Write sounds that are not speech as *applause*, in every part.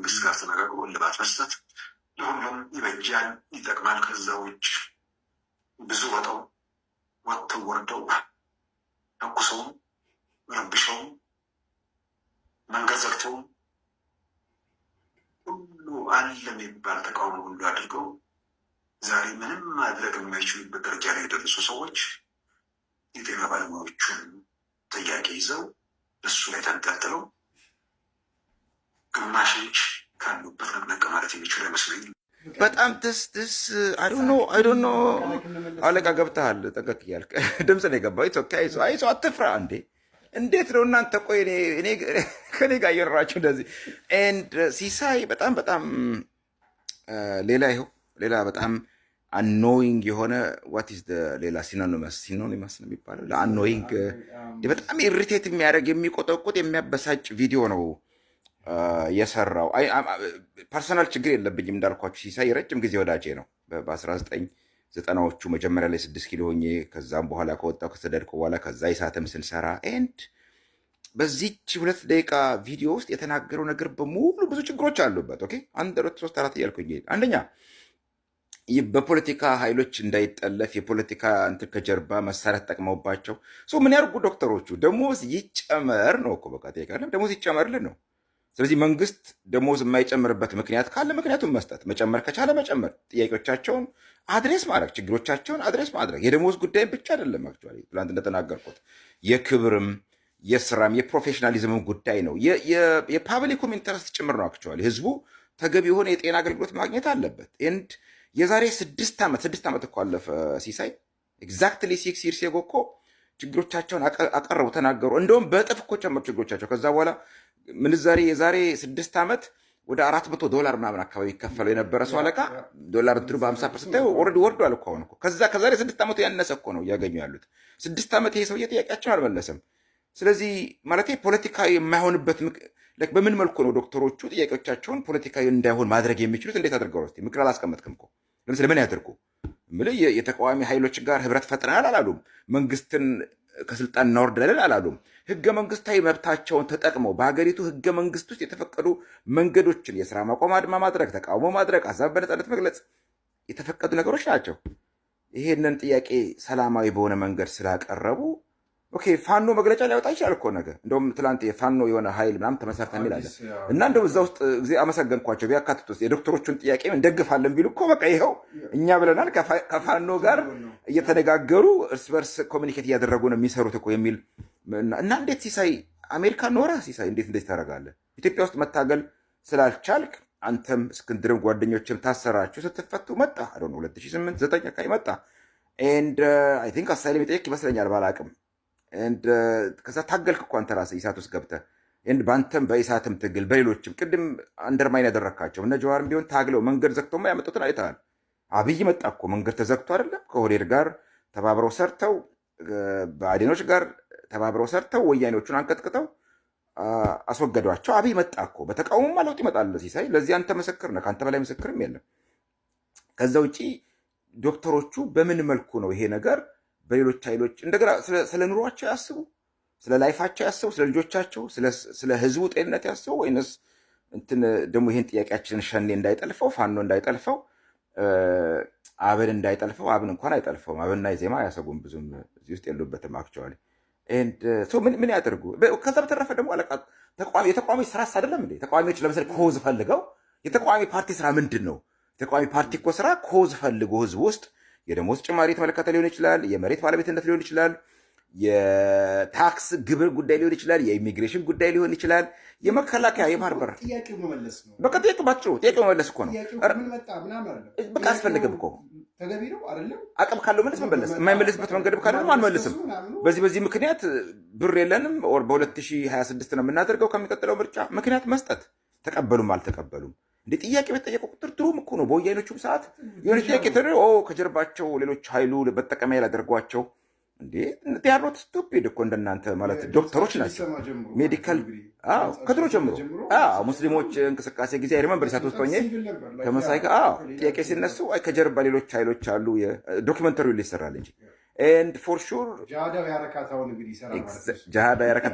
ከመንግስት ጋር ተነጋግሮ እልባት መስጠት ለሁሉም ይበጃል፣ ይጠቅማል። ከዛ ውጭ ብዙ ወጠው ወጥተው ወርደው ተኩሰውም ረብሸውም መንገድ ዘግተውም ሁሉ አለ የሚባል ተቃውሞ ሁሉ አድርገው ዛሬ ምንም ማድረግ የማይችሉበት ደረጃ ላይ የደረሱ ሰዎች የጤና ባለሙያዎቹን ጥያቄ ይዘው እሱ ላይ ተንጠልጥለው ግማሽ ኢንች ካሉበት ነቅነቅ ማለት የሚችሉ አይመስለኝም። በጣም ትስ ትስ አይዶኖ አይዶኖ አለቃ ገብተሃል። ጠንቀቅ እያልክ *laughs* ድምፅ ነው የገባው። ኢትዮጵያ አይዞ አይዞ አትፍራ እንዴ! እንዴት ነው እናንተ? ቆይ ከኔ *laughs* ጋር እየኖራችሁ እንደዚህ ኤንድ uh, ሲሳይ በጣም በጣም uh, ሌላ ይኸው ሌላ በጣም አኖይንግ የሆነ ዋት ኢዝ ሌላ ሲኖኒመስ ሲኖኒመስ ነው የሚባለው ለአኖይንግ በጣም ኢሪቴት የሚያደርግ የሚቆጠቁጥ የሚያበሳጭ ቪዲዮ ነው። የሰራው ፐርሰናል ችግር የለብኝም። እንዳልኳችሁ ሲሳይ ረጅም ጊዜ ወዳጄ ነው። በ1990ዎቹ መጀመሪያ ላይ ስድስት ኪሎ ሆኜ ከዛም በኋላ ከወጣው ከተደድኩ በኋላ ከዛ የሰዓትም ስንሰራ ኤንድ በዚች ሁለት ደቂቃ ቪዲዮ ውስጥ የተናገረው ነገር በሙሉ ብዙ ችግሮች አሉበት። ኦኬ አንድ ሁለት ሶስት አራት እያልኩኝ አንደኛ በፖለቲካ ኃይሎች እንዳይጠለፍ የፖለቲካ እንትን ከጀርባ መሳሪያ ተጠቅመውባቸው ምን ያርጉ ዶክተሮቹ? ደሞዝ ይጨመር ነው እኮ በቃ። ደግሞ ደሞዝ ይጨመርልን ነው ስለዚህ መንግስት ደሞዝ የማይጨምርበት ምክንያት ካለ ምክንያቱም መስጠት፣ መጨመር ከቻለ መጨመር፣ ጥያቄዎቻቸውን አድሬስ ማድረግ፣ ችግሮቻቸውን አድሬስ ማድረግ የደሞዝ ጉዳይ ብቻ አይደለም። አክቹዋሊ ትላንት እንደተናገርኩት የክብርም የስራም የፕሮፌሽናሊዝምም ጉዳይ ነው። የፓብሊኩም ኢንተረስት ጭምር ነው። አክቹዋሊ ህዝቡ ተገቢ የሆነ የጤና አገልግሎት ማግኘት አለበት። ንድ የዛሬ ስድስት ዓመት ስድስት ዓመት እኮ አለፈ ሲሳይ ኤግዛክትሊ ሲክስ ይርስ ችግሮቻቸውን አቀረቡ፣ ተናገሩ። እንደውም በእጥፍ እኮ ጨመሩ ችግሮቻቸው ከዛ በኋላ ምንዛሬ የዛሬ ስድስት ዓመት ወደ አራት መቶ ዶላር ምናምን አካባቢ ይከፈለው የነበረ ሰው አለቃ ዶላር እንትኑ በሀምሳ ፐርሰንት ኦልሬዲ ወርዷል እኮ አሁን እኮ ከዛ ከዛሬ ስድስት ዓመቱ ያነሰ እኮ ነው እያገኙ ያሉት። ስድስት ዓመት ይሄ ሰውዬ ጥያቄያቸውን አልመለሰም። ስለዚህ ማለት ፖለቲካዊ የማይሆንበት በምን መልኩ ነው ዶክተሮቹ ጥያቄዎቻቸውን ፖለቲካዊ እንዳይሆን ማድረግ የሚችሉት? እንዴት አድርገው ስ ምክር አላስቀመጥክም እኮ ለምሳሌ ምን ያደርጉ ምል የተቃዋሚ ኃይሎች ጋር ህብረት ፈጥረናል አላሉም። መንግስትን ከስልጣን እናወርዳለን አላሉም። ህገ መንግስታዊ መብታቸውን ተጠቅመው በሀገሪቱ ህገ መንግስት ውስጥ የተፈቀዱ መንገዶችን የስራ ማቆም አድማ ማድረግ፣ ተቃውሞ ማድረግ፣ ሀሳብ በነጻነት መግለጽ የተፈቀዱ ነገሮች ናቸው። ይሄንን ጥያቄ ሰላማዊ በሆነ መንገድ ስላቀረቡ ኦኬ ፋኖ መግለጫ ሊያወጣ ይችላል እኮ ነገ። እንደውም ትላንት የፋኖ የሆነ ሀይል ምናምን ተመሰርተ የሚል አለ እና እንደው እዛ ውስጥ ጊዜ አመሰገንኳቸው ውስጥ የዶክተሮቹን ጥያቄ እንደግፋለን ቢሉ እኮ በቃ ይኸው እኛ ብለናል ከፋኖ ጋር እየተነጋገሩ እርስ በርስ ኮሚኒኬት እያደረጉ ነው የሚሰሩት እኮ የሚል እና እንዴት ሲሳይ አሜሪካ ኖራ ሲሳይ እንዴት እንዴት ታደርጋለህ? ኢትዮጵያ ውስጥ መታገል ስላልቻልክ አንተም እስክንድርም ጓደኞችም ታሰራችሁ። ስትፈቱ መጣ አ 2008 9 አካባቢ መጣ ኤንድ አይ ቲንክ አሳይለም የጠየቅ ይመስለኛል ባላቅም ከዛ ታገልክ እኮ አንተ ራስህ ኢሳት ውስጥ ገብተህ በአንተም በኢሳትም ትግል በሌሎችም ቅድም አንደርማይን ያደረካቸው እነ ጀዋርም ቢሆን ታግለው መንገድ ዘግተውማ ያመጡትን አይተሃል። አብይ መጣ እኮ መንገድ ተዘግቶ አይደለም ከሆዴድ ጋር ተባብረው ሰርተው በአዴኖች ጋር ተባብረው ሰርተው ወያኔዎቹን አንቀጥቅተው አስወገዷቸው። አብይ መጣ እኮ በተቃውሞማ ለውጥ ይመጣል ሲሳይ፣ ለዚህ አንተ ምስክር ነህ። ከአንተ በላይ ምስክርም የለም። ከዛ ውጪ ዶክተሮቹ በምን መልኩ ነው ይሄ ነገር በሌሎች ኃይሎች እንደገና ስለ ኑሯቸው ያስቡ፣ ስለ ላይፋቸው ያስቡ፣ ስለ ልጆቻቸው፣ ስለ ህዝቡ ጤንነት ያስቡ። ወይንስ እንትን ደግሞ ይህን ጥያቄያችንን ሸኔ እንዳይጠልፈው፣ ፋኖ እንዳይጠልፈው፣ አብን እንዳይጠልፈው። አብን እንኳን አይጠልፈውም። አብንና ዜማ አያሰጉም ብዙም እዚህ ውስጥ የሉበትም። አክቸዋል ምን ያደርጉ። ከዛ በተረፈ ደግሞ አለቃ የተቃዋሚ ስራስ አይደለም እንዴ? ተቃዋሚዎች ለምሳሌ ኮዝ ፈልገው የተቃዋሚ ፓርቲ ስራ ምንድን ነው? የተቃዋሚ ፓርቲ እኮ ስራ ኮዝ ፈልጎ ህዝቡ ውስጥ የደሞዝ ጭማሪ የተመለከተ ሊሆን ይችላል። የመሬት ባለቤትነት ሊሆን ይችላል። የታክስ ግብር ጉዳይ ሊሆን ይችላል። የኢሚግሬሽን ጉዳይ ሊሆን ይችላል። የመከላከያ የማርበር በቃ ጥያቄ ባጭሩ ጥያቄ መመለስ እኮ ነው። በቃ አስፈልግም እኮ አቅም ካለው መለስ መመለስ፣ የማይመለስበት መንገድ ካለ አንመልስም። በዚህ በዚህ ምክንያት ብር የለንም በ2026 ነው የምናደርገው ከሚቀጥለው ምርጫ ምክንያት መስጠት ተቀበሉም አልተቀበሉም እንደ ጥያቄ በተጠየቀ ቁጥር ድሮም እኮ ነው በወያኔዎቹም ሰዓት የሆነ ጥያቄ ተ ከጀርባቸው ሌሎች ኃይሉ መጠቀሚያ ላደርጓቸው እንዴ ያሉት ስቱፒድ እኮ እንደናንተ ማለት ዶክተሮች ናቸው። ሜዲካል ከድሮ ጀምሮ ሙስሊሞች እንቅስቃሴ ጊዜ አይሪመን በሪሳት ውስጥ ሆኜ ተመሳይ ጥያቄ ሲነሱ ከጀርባ ሌሎች ኃይሎች አሉ። ዶኪመንተሪው ሊሰራል እንጂ ፎር ጃሃዳ ያረካት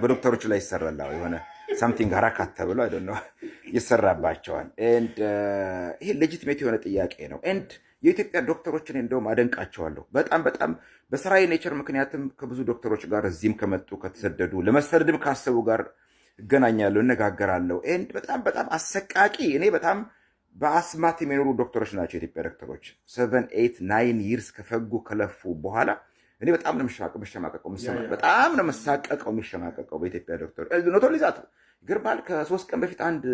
በዶክተሮች ላይ ይሰራል። የሆነ ሳምቲንግ አረካት ተብሎ አይ ነው ይሰራባቸዋል። uh, ይሄ ሌጂትሜት የሆነ ጥያቄ ነው። ኤንድ የኢትዮጵያ ዶክተሮችን እንደውም አደንቃቸዋለሁ። በጣም በጣም በስራዬ ኔቸር ምክንያትም ከብዙ ዶክተሮች ጋር እዚህም ከመጡ ከተሰደዱ ለመሰደድም ካሰቡ ጋር እገናኛለሁ፣ እነጋገራለሁ። ኤንድ በጣም በጣም አሰቃቂ እኔ በጣም በአስማት የሚኖሩ ዶክተሮች ናቸው። የኢትዮጵያ ዶክተሮች ሰቨን ኤይት ናይን ይርስ ከፈጉ ከለፉ በኋላ እኔ በጣም ነው የምሸማቀቀው፣ በጣም ነው የምሳቀቀው፣ የሚሸማቀቀው በኢትዮጵያ ዶክተር ኖቶሊዛት ግርባል። ከሶስት ቀን በፊት አንድ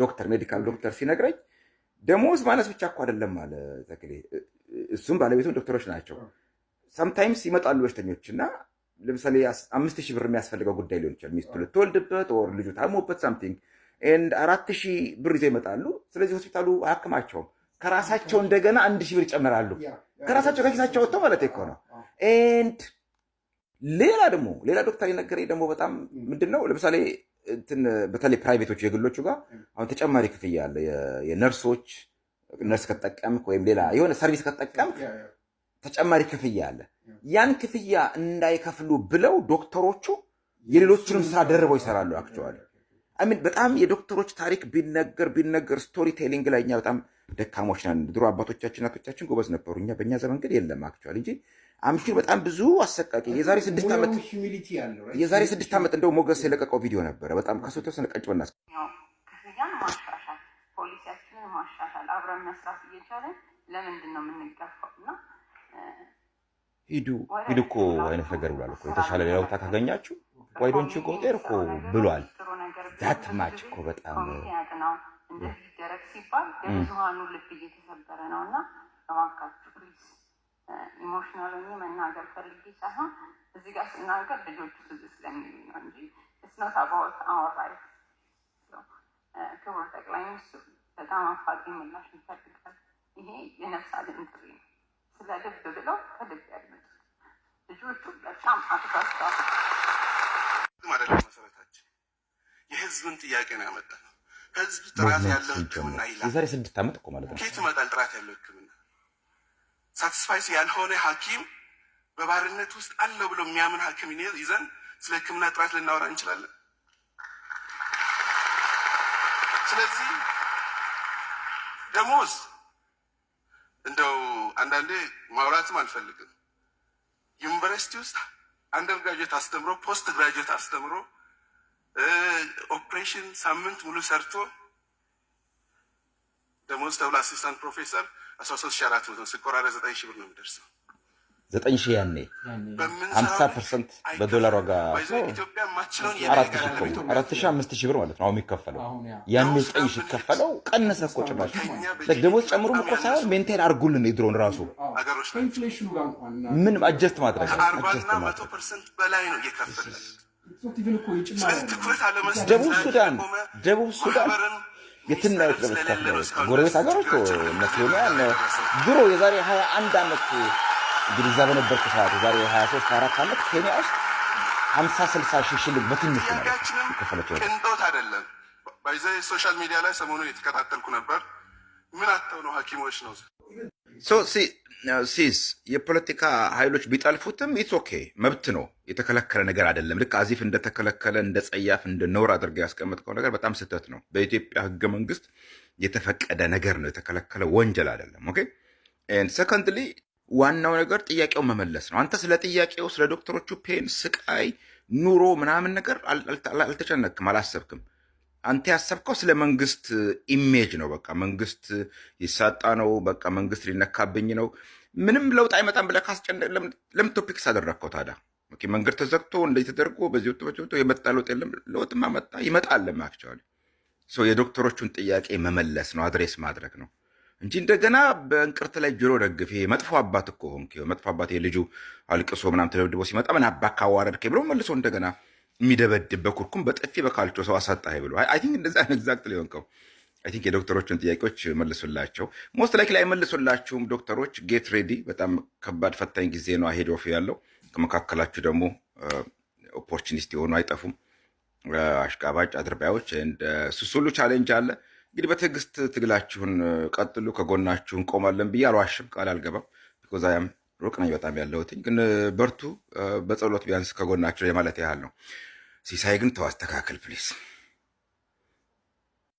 ዶክተር ሜዲካል ዶክተር ሲነግረኝ ደሞዝ ማነስ ብቻ እኮ አይደለም አለ ተክሌ። እሱም ባለቤቱም ዶክተሮች ናቸው። ሰምታይምስ ይመጣሉ በሽተኞች እና ለምሳሌ አምስት ሺህ ብር የሚያስፈልገው ጉዳይ ሊሆን ይችላል። ሚስቱ ልትወልድበት ወር ልጁ ታሞበት ሳምቲንግ ኤንድ አራት ሺህ ብር ይዘው ይመጣሉ። ስለዚህ ሆስፒታሉ አያክማቸውም። ከራሳቸው እንደገና አንድ ሺህ ብር ይጨምራሉ። ከራሳቸው ከኪሳቸው ወጥተው ማለት እኮ ነው። ኤንድ ሌላ ደግሞ ሌላ ዶክተር የነገረኝ ደግሞ በጣም ምንድን ነው ለምሳሌ በተለይ ፕራይቬቶቹ የግሎቹ ጋር አሁን ተጨማሪ ክፍያ አለ። የነርሶች ነርስ ከተጠቀምክ ወይም ሌላ የሆነ ሰርቪስ ከተጠቀምክ ተጨማሪ ክፍያ አለ። ያን ክፍያ እንዳይከፍሉ ብለው ዶክተሮቹ የሌሎችንም ስራ ደርበው ይሰራሉ አክቸዋል አሚን በጣም የዶክተሮች ታሪክ ቢነገር ቢነገር ስቶሪ ቴሊንግ ላይ እኛ በጣም ደካሞች ነን። ድሮ አባቶቻችን እናቶቻችን ጎበዝ ነበሩ። እኛ በእኛ ዘመን ግን የለም አክቹዋሊ እንጂ አምሹ በጣም ብዙ አሰቃቂ የዛሬ ስድስት ዓመት የዛሬ ስድስት ዓመት እንደው ሞገስ የለቀቀው ቪዲዮ ነበረ። በጣም ከሱ የተወሰነ ቀጭ በናስ ክፍያን ማሻሻል፣ ፖሊሲያችንን ማሻሻል፣ አብረን መስራት እየቻለን ለምንድን ነው የምንጋፋው? ሂዱ ሂዱ እኮ አይነት ነገር ብሏል እኮ የተሻለ ሌላ ቦታ ካገኛችሁ ዋይዶንች ቆጤር እኮ ብሏል ዛት ማች እኮ በጣም እንደዚህ ደረግ ሲባል የብዙሃኑ ልብ እየተሰበረ ነው እና እባካችሁ ፕሊዝ ኢሞሽናል ሆኜ መናገር ፈልጌ ሳይሆን እዚህ ጋር ስናገር ልጆቹ ትዝ ስለሚሉ ነው እንጂ እስኖት አባወት አወራይ ክቡር ጠቅላይ ሚኒስትሩ በጣም አፋቂ ምላሽ ይፈልጋል። ይሄ የነፍስ አድን ጥሪ ነው። ስለ ልብ ብለው ከልብ ያድምጡ። ልጆቹ በጣም አትካስታ ማለት ነው። የህዝብን ጥያቄ ነው ያመጣ ነው። ህዝብ ጥራት ያለው ህክምና ይላል። የዛሬ ስድስት ዓመት እኮ ማለት ነው። ከየት ይመጣል ጥራት ያለው ህክምና? ሳትስፋይስ ያልሆነ ሐኪም በባርነት ውስጥ አለው ብሎ የሚያምን ሐኪም ይዘን ስለ ህክምና ጥራት ልናወራ እንችላለን? ስለዚህ ደሞዝ እንደው አንዳንዴ ማውራትም አልፈልግም። ዩኒቨርሲቲ ውስጥ አንደር ግራጁዌት አስተምሮ ፖስት ግራጁዌት አስተምሮ ኦፕሬሽን ሳምንት ሙሉ ሰርቶ ደሞዝ ተብሎ አሲስታንት ፕሮፌሰር አስራ ሶስት ሺህ አራት መቶ ዘጠኝ ብር ነው የሚደርሰው። ዘጠኝ ያኔ ሀምሳ ፐርሰንት በዶላር ዋጋ አራት አምስት ብር ማለት ነው አሁን የሚከፈለው። ያኔ ዘጠኝ ቀነሰ እኮ ጭራሽ። ደሞዝ እኮ ሳይሆን ሜንቴን አድርጉልን ራሱ አጀስት ማድረግ አጀስት ማድረግ በላይ ነው እየከፈለ ደቡብ ሱዳን ደቡብ ሱዳን ለመስታት ነው። ጎረቤት ሀገሮች መኬንያ ድሮ የዛሬ 21 ዓመት እንግዲህ እዛ በነበርኩ ሰዓት የዛሬ 23 አራት ዓመት ኬንያ ውስጥ 50 60 ሺህ ሽልግ በትንሹ ቅንጦት አይደለም። ባይዘ ሶሻል ሚዲያ ላይ ሰሞኑን የተከታተልኩ ነበር። ምን አተው ነው ሐኪሞች ነው ሲስ የፖለቲካ ኃይሎች ቢጠልፉትም ኢትስ ኦኬ መብት ነው። የተከለከለ ነገር አይደለም። ልክ አዚፍ እንደተከለከለ እንደ ጸያፍ እንደ ነውር አድርገው ያስቀመጥከው ነገር በጣም ስህተት ነው። በኢትዮጵያ ህገ መንግስት የተፈቀደ ነገር ነው፣ የተከለከለ ወንጀል አይደለም። ኦኬ ሰከንድሊ ዋናው ነገር ጥያቄው መመለስ ነው። አንተ ስለ ጥያቄው ስለ ዶክተሮቹ ፔን፣ ስቃይ፣ ኑሮ ምናምን ነገር አልተጨነቅክም አላሰብክም። አንተ ያሰብከው ስለ መንግስት ኢሜጅ ነው። በቃ መንግስት ይሳጣ ነው፣ በቃ መንግስት ሊነካብኝ ነው፣ ምንም ለውጥ አይመጣም ብለህ ካስጨነቅ ለምን ቶፒክስ አደረግከው ታዲያ? ኦኬ መንገድ ተዘግቶ እንደዚህ ተደርጎ በዚህ ወጥቶ በዚህ ወጥቶ የመጣ ለውጥ የለም። ለውጥማ መጣ ይመጣልም። አክቹዋሊ ሰው የዶክተሮቹን ጥያቄ መመለስ ነው አድሬስ ማድረግ ነው እንጂ እንደገና በእንቅርት ላይ ጆሮ ደግፍ። ይሄ መጥፎ አባት እኮ ሆንክ፣ መጥፎ አባት የልጁ አልቅሶ ምናምን ተደብድቦ ሲመጣ ምን አባ ካዋረድከ ብሎ መልሶ እንደገና የሚደበድብ በኩርኩም በጥፊ በካልቾ ሰው አሳጣ ብሎ አይ ቲንክ እንደዛ ኤግዛክት ሊሆንከው አይ ቲንክ የዶክተሮቹን ጥያቄዎች መልሱላቸው። ሞስት ላይክ ላይ መልሱላችሁም ዶክተሮች ጌት ሬዲ። በጣም ከባድ ፈታኝ ጊዜ ነው አሄድ ኦፍ ያለው ከመካከላችሁ ደግሞ ኦፖርቹኒስት የሆኑ አይጠፉም፣ አሽቃባጭ አድርባዮች። እሱስ ሁሉ ቻሌንጅ አለ። እንግዲህ በትዕግስት ትግላችሁን ቀጥሉ። ከጎናችሁ እንቆማለን ብዬ አልዋሽም፣ ቃል አልገባም። ቢኮዝ አይ አም ሩቅ ነኝ በጣም ያለሁትኝ። ግን በርቱ፣ በጸሎት ቢያንስ ከጎናችሁ ማለት ያህል ነው። ሲሳይ ግን ተው አስተካክል ፕሊስ።